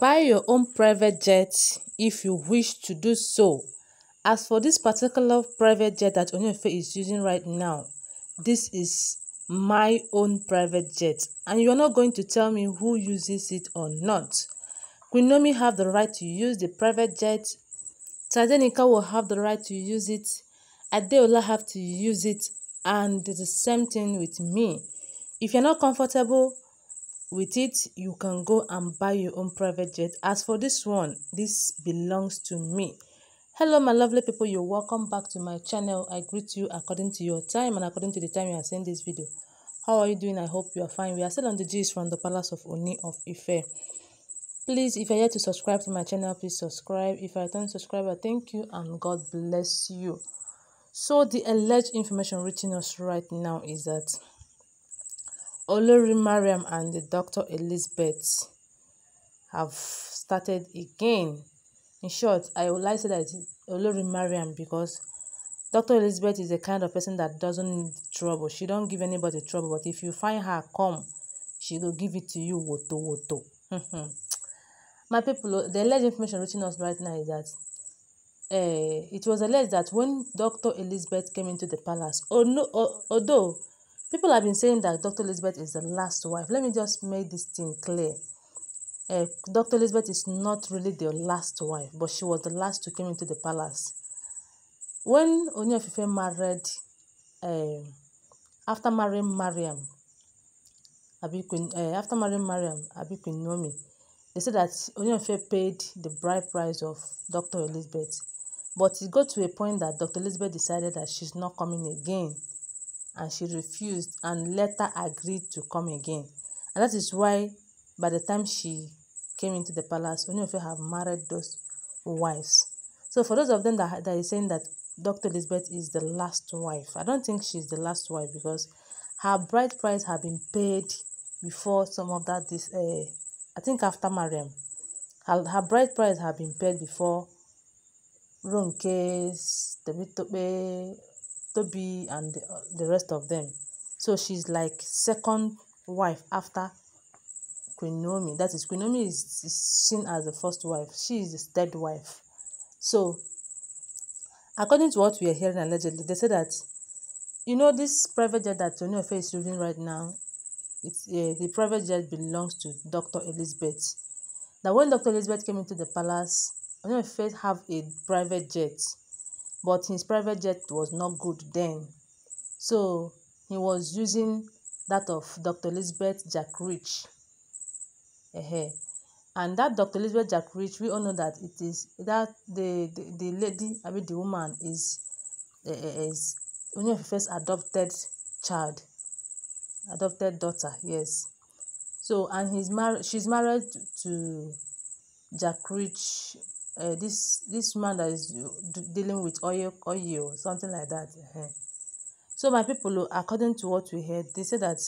Buy your own private jet if you wish to do so. As for this particular private jet that Onyefe is using right now, this is my own private jet and you are not going to tell me who uses it or not. Quinomi have the right to use the private jet. Tadenika will have the right to use it. Adeola have to use it and the same thing with me. If you're not comfortable with it, you can go and buy your own private jet. As for this one, this belongs to me. Hello, my lovely people. You're welcome back to my channel. I greet you according to your time and according to the time you are seeing this video. How are you doing? I hope you are fine. We are still on the G's from the Palace of Oni of Ife. Please, if you're yet to subscribe to my channel, please subscribe. If you're a return subscriber, thank you and God bless you. So the alleged information reaching us right now is that Olori-Mariam and Dr. Elizabeth have started again. In short, I would like to say that Olori-Mariam because Dr. Elizabeth is the kind of person that doesn't need trouble. She don't give anybody trouble. But if you find her, come, she will give it to you, woto woto. Mm-hmm. My people, oh, the alleged information reaching us right now is that uh, it was alleged that when Dr. Elizabeth came into the palace, oh no, oh, although People have been saying that Dr. Elizabeth is the last wife. Let me just make this thing clear. Uh, eh, Dr. Elizabeth is not really the last wife, but she was the last to come into the palace. When Onyefife married, um, after marrying Mariam, Abi uh, after marrying Mariam, Abi Nomi, they said that Onyefife paid the bride price of Dr. Elizabeth. But it got to a point that Dr. Elizabeth decided that she's not coming again. and she refused and later agreed to come again. And that is why by the time she came into the palace, many of you have married those wives. So for those of them that, that is saying that Dr. Elizabeth is the last wife, I don't think she's the last wife because her bride price had been paid before some of that this uh, I think after Mariam. Her, her bride price had been paid before Ronke's, Temitope, Toby and the, uh, the rest of them. So she's like second wife after Queen Naomi. That is, Queen Naomi is, is seen as the first wife. She is the third wife. So, according to what we are hearing allegedly, they say that, you know, this private jet that Tony Ofe is using right now, it's, uh, the private jet belongs to Dr. Elizabeth. Now, when Dr. Elizabeth came into the palace, Tony Ofe have a private jet but his private jet was not good then. So he was using that of Dr. Elizabeth Jack Rich. Uh-huh. And that Dr. Elizabeth Jack Rich, we all know that it is that the the, the lady, I mean the woman is uh, is first adopted child, adopted daughter, yes. So and he's married, she's married to Jack Rich uh, this this man that is dealing with oil oil something like that uh-huh. so my people according to what we heard they said that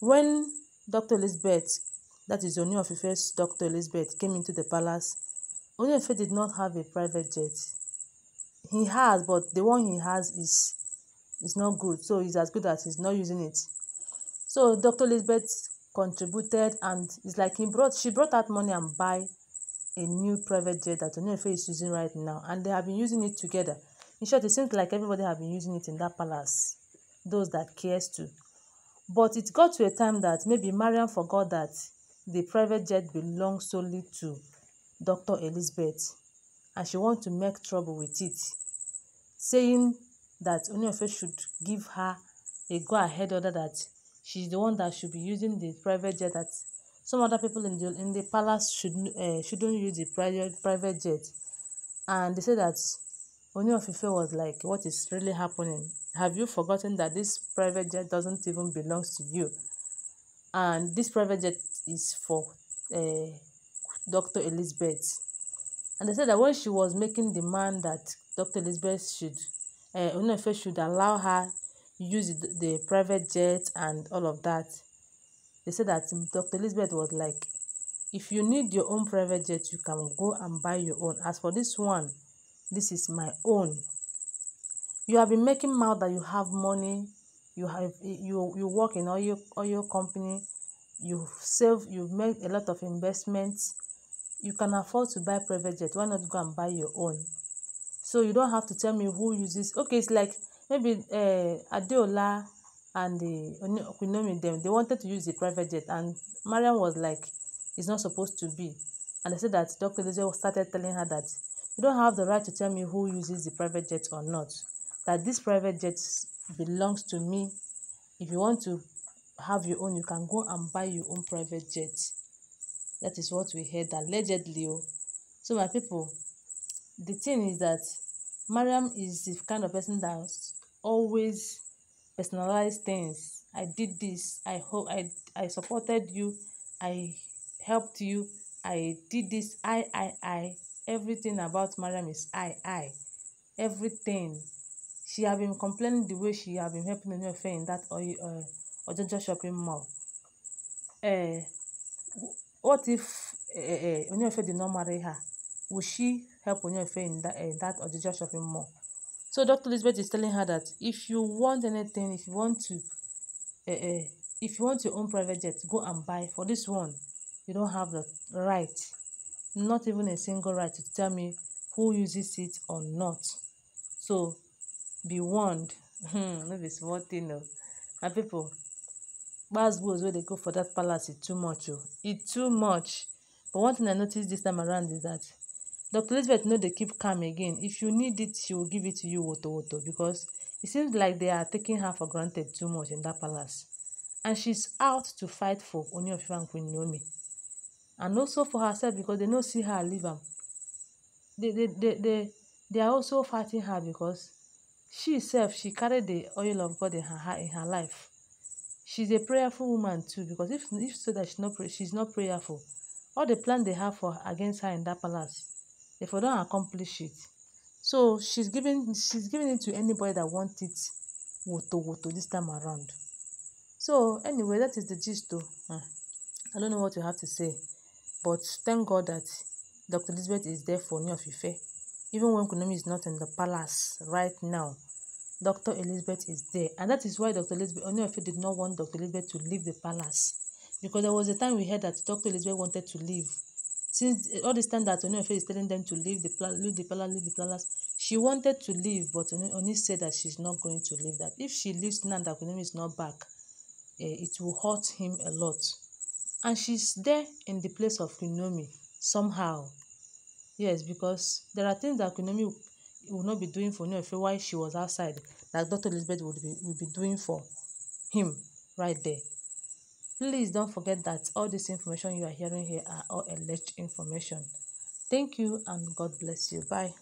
when dr elizabeth that is Ooni of first Dr. Elizabeth came into the palace, only if he did not have a private jet. He has, but the one he has is is not good, so he's as good as he's not using it. So Dr. Elizabeth contributed, and it's like he brought she brought out money and buy a new private jet that Onyefe is using right now, and they have been using it together. In short, it seems like everybody have been using it in that palace, those that cares to. But it got to a time that maybe Mariam forgot that the private jet belongs solely to Dr. Elizabeth, and she want to make trouble with it, saying that Onyefe should give her a go-ahead order that she's the one that should be using the private jet that some other people in the in the palace should uh, shouldn't use the private private jet, and they say that Oni of it was like, "What is really happening? Have you forgotten that this private jet doesn't even belong to you, and this private jet is for uh, eh, Dr. Elizabeth." And they said that when she was making demand that Dr. Elizabeth should, uh, eh, Oni of should allow her use the, the private jet and all of that they said that Dr. Elizabeth was like, if you need your own private jet, you can go and buy your own. As for this one, this is my own. You have been making mouth that you have money, you have you you work in all your all your company, you save, you've made a lot of investments, you can afford to buy private jet. Why not go and buy your own? So you don't have to tell me who uses. Okay, it's like maybe uh, Adeola and the Okunomi them, they wanted to use the private jet and Mariam was like, it's not supposed to be. And they said that Dr. Lizzie started telling her that you don't have the right to tell me who uses the private jet or not. That this private jet belongs to me. If you want to have your own, you can go and buy your own private jet. That is what we heard allegedly. Oh. So my people, the thing is that Mariam is the kind of person that always Personalized things. I did this. I hope I I supported you. I helped you. I did this. I I I. Everything about Mariam is I I. Everything. She have been complaining the way she have been helping Onyefe in that uh, Ojojo shopping mall. Uh, what if uh, eh, uh, eh, Onyefe did not marry her? Would she help Onyefe in that, uh, that Ojojo shopping mall? So Dr. Elizabeth is telling her that if you want anything, if you want to, uh, uh, if you want your own private jet, go and buy. For this one, you don't have the right, not even a single right to tell me who uses it or not. So be warned. Hmm, no be small thing o. Oh. and people, gbazgbos wey they go for that palace it's too much oh. It's too much. But one thing I noticed this time around is that Dr. Elizabeth no they keep calm again. If you need it, she will give it to you woto woto because it seems like they are taking her for granted too much in that palace. And she's out to fight for only of Ife and Queen Naomi. And also for herself because they no see her leave They, they, they, they, they are also fighting her because she herself, she carried the oil of God in her, in her life. She's a prayerful woman too because if, if so that she's not, she's not prayerful, all the plan they have for against her in that palace If for don't accomplish it. So she's giving she's giving it to anybody that wants it woto woto this time around. So anyway, that is the gist though. Hmm. I don't know what you have to say, but thank God that Dr. Elizabeth is there for Ooni of Even when Kunemi is not in the palace right now, Dr. Elizabeth is there. And that is why Dr. Elizabeth, Ooni did not want Dr. Elizabeth to leave the palace. Because there was a time we heard that Dr. Elizabeth wanted to leave Since all this time that Ooni is telling them to leave the palace, leave the palace, leave the palace, she wanted to leave, but Ooni, Ooni said that she's not going to leave. That if she leaves now that Kunimi is not back, eh, it will hurt him a lot. And she's there in the place of Kunomi somehow. Yes, because there are things that Kunomi would not be doing for Ooni while she was outside, that Dr. Elizabeth would be, would be doing for him right there. Please don't forget that all this information you are hearing here are all alleged information. Thank you and God bless you. Bye.